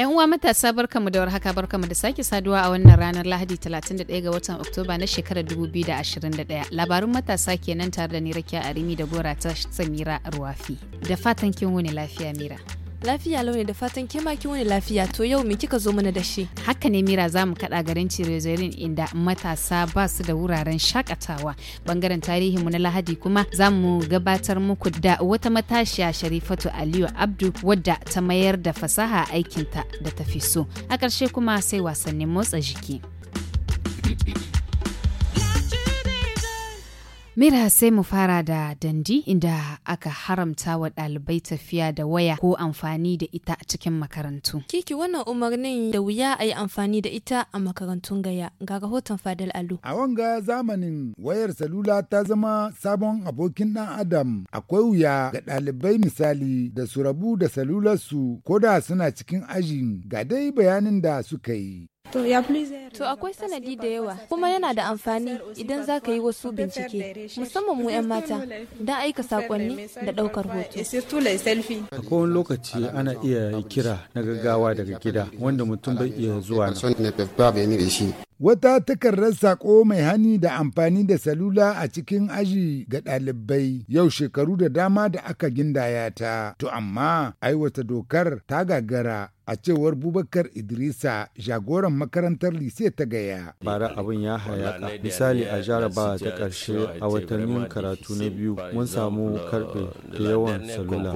'Yan uwa matasa barkamu da warhaka barkamu da sake saduwa a wannan ranar Lahadi 31 ga watan Oktoba na shekarar 2021. Labarun matasa ke nan tare da ni Rakiya Arimi da Gora ta Samira Ruwafi. Da fatan kin wuni lafiya Mira. Lafiya launi da fatan ke wani lafiya to yau me kika zo mana da shi? Haka ne Mira za mu kaɗa garin Cirezerin inda matasa ba su da wuraren shakatawa. Bangaren mu na Lahadi kuma za mu gabatar muku da wata matashiya Sharifatu Aliyu Abdu wadda ta mayar da fasaha aikinta da ta fi so. A ƙarshe kuma sai wasannin motsa jiki. Mira sai mu fara da dandi inda aka haramta wa ɗalibai tafiya da waya ko amfani da ita a cikin makarantu. Kiki wannan umarnin da wuya a yi amfani da ita a makarantun gaya ga rahoton Fadal Alu. A wanga zamanin wayar salula ta zama sabon abokin ɗan Adam akwai wuya ga ɗalibai misali da su rabu da salularsu ko da suna cikin ajin ga dai bayanin da suka yi. To akwai sanadi da yawa kuma yana da amfani idan za ka yi wasu bincike musamman mu 'yan mata don aika sakonni da ɗaukar hoto. A kowane lokaci ana iya kira na gaggawa daga gida wanda mutum bai iya zuwa Wata takardar sako mai hani da amfani da salula a cikin aji ga ɗalibai yau shekaru da dama da aka gindaya ta, to amma aiwata dokar ta gagara a cewar bubakar idrisa jagoran makarantar lise ta gaya bara abin ya hayaka misali a jaraba ta karshe a watannin karatu na biyu mun samu karfe da yawan salula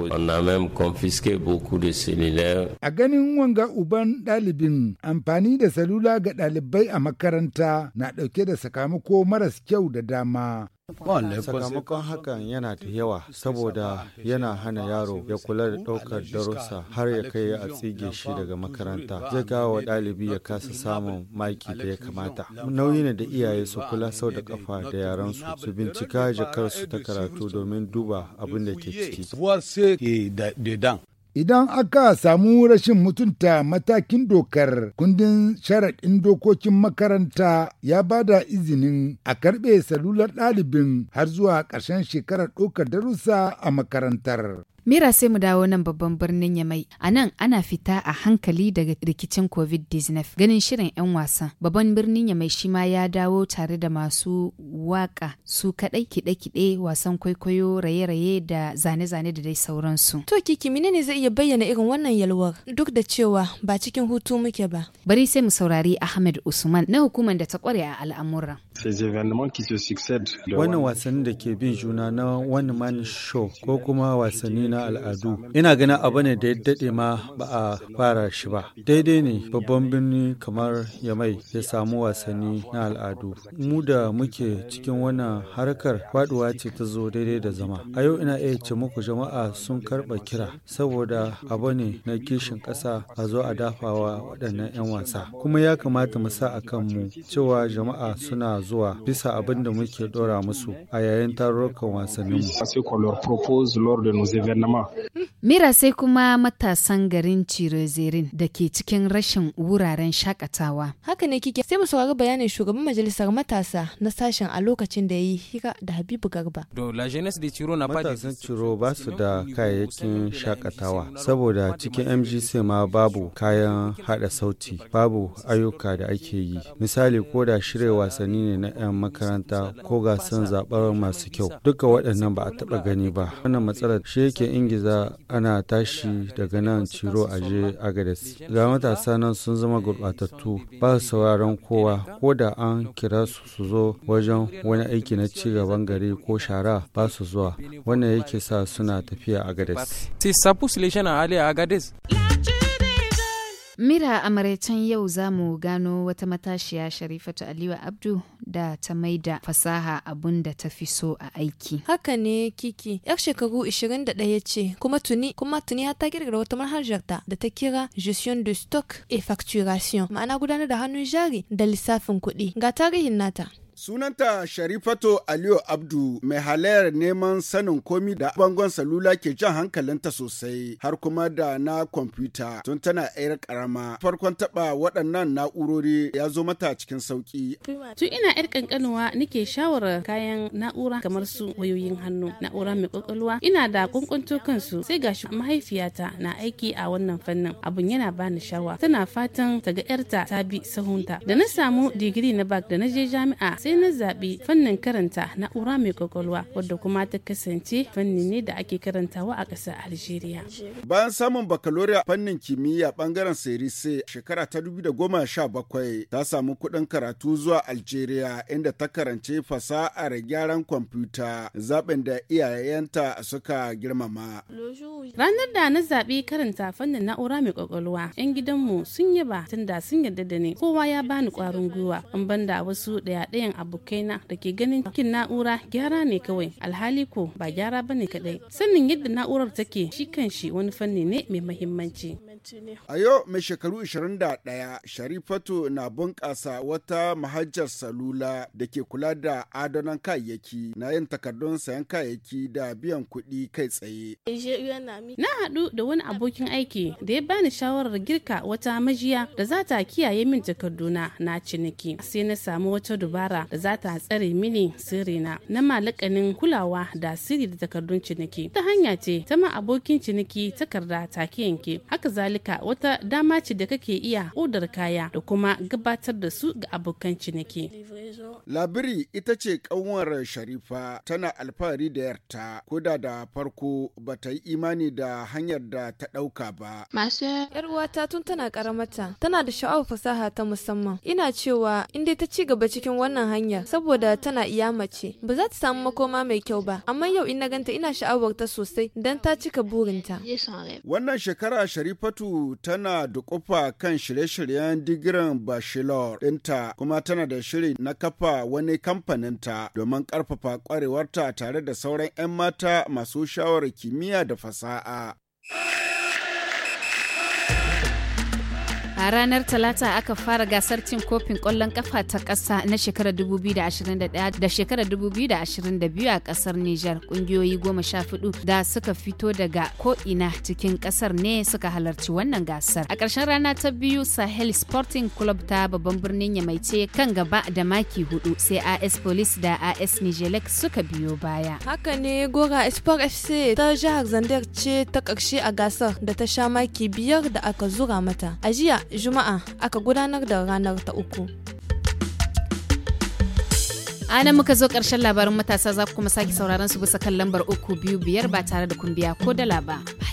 a ganin wanga uban dalibin amfani da salula ga dalibai a makaranta na dauke da sakamako maras kyau da dama sakamakon hakan yana da yawa saboda yana hana yaro ya kula da ɗaukar darussa har ya kai a tsige shi daga makaranta zai gawa wa ɗalibi ya kasa samun maki da ya kamata nauyi ne da iyaye su kula sau da kafa da yaran su su bincika jakar su ta karatu domin duba abin da ke ciki Idan aka samu rashin mutunta matakin dokar, kundin sharaɗin dokokin makaranta ya ba da izinin a karɓe salular ɗalibin har zuwa ƙarshen shekarar ɗaukar darussa a makarantar. Mira sai mu dawo nan babban birnin Yamai. A nan ana fita a hankali daga rikicin COVID-19 ganin shirin 'yan wasan. Babban birnin Yamai shi ma ya dawo tare da masu waka su kaɗai kiɗe-kiɗe wasan kwaikwayo raye-raye da zane-zane da dai sauransu. To kiki ne zai iya bayyana irin wannan yalwar duk da cewa ba cikin hutu muke ba. Bari sai mu saurari Ahmed Usman na hukumar da ta kware a al'amuran. Wannan wasanni da ke bin juna na one man show ko kuma wasanni na al'adu ina ganin abu ne da ya daɗe ma ba a fara shi ba daidai ne babban birni kamar yamai ya samu wasanni na al'adu mu da muke cikin wannan harkar faduwa ce ta zo daidai da zama a yau ina iya ce muku jama'a sun karɓa kira saboda abu ne na kishin ƙasa a zo a dafawa waɗannan 'yan wasa kuma ya kamata mu sa a kan mu cewa jama'a suna zuwa bisa abin da muke ɗora musu a yayin tarurrukan wasanninmu. jahannama. Mira sai kuma matasan garin Cirozerin da ke cikin rashin wuraren shakatawa. Haka ne kike sai mu saurari bayanin shugaban majalisar matasa na sashen a lokacin da ya yi hira da Habibu Garba. Matasan Ciro ba su da kayayyakin shakatawa saboda cikin MGC ma babu kayan hada sauti babu ayyuka da ake yi. Misali ko da shirya wasanni ne na 'yan makaranta ko gasan zaɓar masu kyau duka waɗannan ba a taɓa gani ba. Wannan matsalar shi yake ingiza ana tashi daga nan ciro aje agadas ga matasa nan sun zama gurbatattu ba su sauraron kowa ko da an kira su su zo wajen wani aiki na ci gaban gari ko shara ba su zuwa wannan yake sa suna tafiya a Mira a maraicen yau za mu gano wata matashiya Sharifatu Aliyu Abdu da ta maida fasaha abun da ta fi so a aiki. Haka ne Kiki, yar shekaru 21 ce kuma tuni kuma tuni ya ta girgira wata manhajar ta da ta kira gestion de stock et facturation ma'ana gudanar da hannun jari da lissafin kuɗi. Ga tarihin nata. Sunanta Sharifato Aliyu Abdu mai halayar neman sanin komi da bangon salula ke jan hankalinta sosai har kuma da na kwamfuta tun tana yar karama. Farkon taba waɗannan na'urori ya zo mata cikin sauki. Tun ina yar kankanuwa nake shawara kayan na'ura kamar su wayoyin hannu, na'ura mai kwakwalwa, ina da kunkunto kansu sai gashi mahaifiyata na aiki a wannan fannin. Abun yana bani shawa. Tana fatan ta ga yarta ta bi sahunta. Da na samu digiri na bak da na je jami'a sai na zaɓi fannin karanta na'ura mai kwakwalwa wadda kuma ta kasance fanni ne da ake karantawa a ƙasar Algeria. Bayan samun bakaloriya fannin kimiyya bangaren Serise shekara ta da goma sha bakwai ta samu kuɗin karatu zuwa Algeria inda ta karance fasa'ar gyaran kwamfuta zaɓin da iyayenta suka girmama. Ranar da na zaɓi karanta fannin na'ura mai kwakwalwa 'yan gidanmu sun yaba tunda sun yarda da ni kowa ya bani ƙwarin gwiwa in banda wasu ɗaya ɗayan abokaina da ke ganin cikin na'ura gyara ne kawai alhali ko ba gyara ba ne kadai sannin yadda na'urar take shi kan shi wani fanni ne mai mahimmanci a yau mai shekaru 21 sharifatu na bunƙasa wata mahajjar salula da ke kula da adonan kayayyaki na yin takardun sayan kayayyaki da biyan kuɗi kai tsaye na haɗu da wani abokin aiki da ya bani shawarar girka wata majiya da za ta kiyaye min takarduna na ciniki sai na samu wata dubara da za ta tsare mini sirrina na malakanin kulawa da sirri da takardun ciniki ta hanya ce ta ma abokin ciniki takarda take yanke haka zalika wata dama ce da kake iya odar kaya da kuma gabatar da su ga abokan ciniki labiri ita ce kanwar sharifa tana alfahari da yarta ko da farko ba ta yi imani da hanyar da ta ɗauka ba masu yar uwata tun tana karamata tana da sha'awar fasaha ta musamman ina cewa in dai ta ci gaba cikin wannan hanya saboda tana iya mace ba za ta samu makoma mai kyau ba amma yau in na ganta ina sha'awar ta sosai dan ta cika burinta wannan shekara sharifatu tana da kofa kan shirye-shiryen digirin bachelor ɗinta kuma tana da shiri na kafa wani kamfaninta domin karfafa kwarewarta tare da sauran 'yan mata masu shawarar kimiyya da fasaha. A ranar Talata aka fara gasar cin kofin kwallon ƙafa ta kasa na shekarar 2021 da shekarar 2022 a ƙasar Nijar. Ƙungiyoyi goma sha fudu da suka fito daga ko'ina cikin ƙasar ne suka halarci wannan gasar. A ƙarshen rana ta biyu Sahel Sporting Club ta babban birnin Yamaice kan gaba da maki hudu sai AS Police da AS Nijelek suka biyo baya. Haka ne Gora Sport FC ta jihar Zandar ce ta ƙarshe a gasar da ta sha maki biyar da aka zura mata. A Juma'a aka gudanar da ranar ta uku. ana muka zo ƙarshen labarin matasa za ku kuma sake sauraron su bisa kan lambar uku biyu biyar ba tare da kumbiya ko dala ba.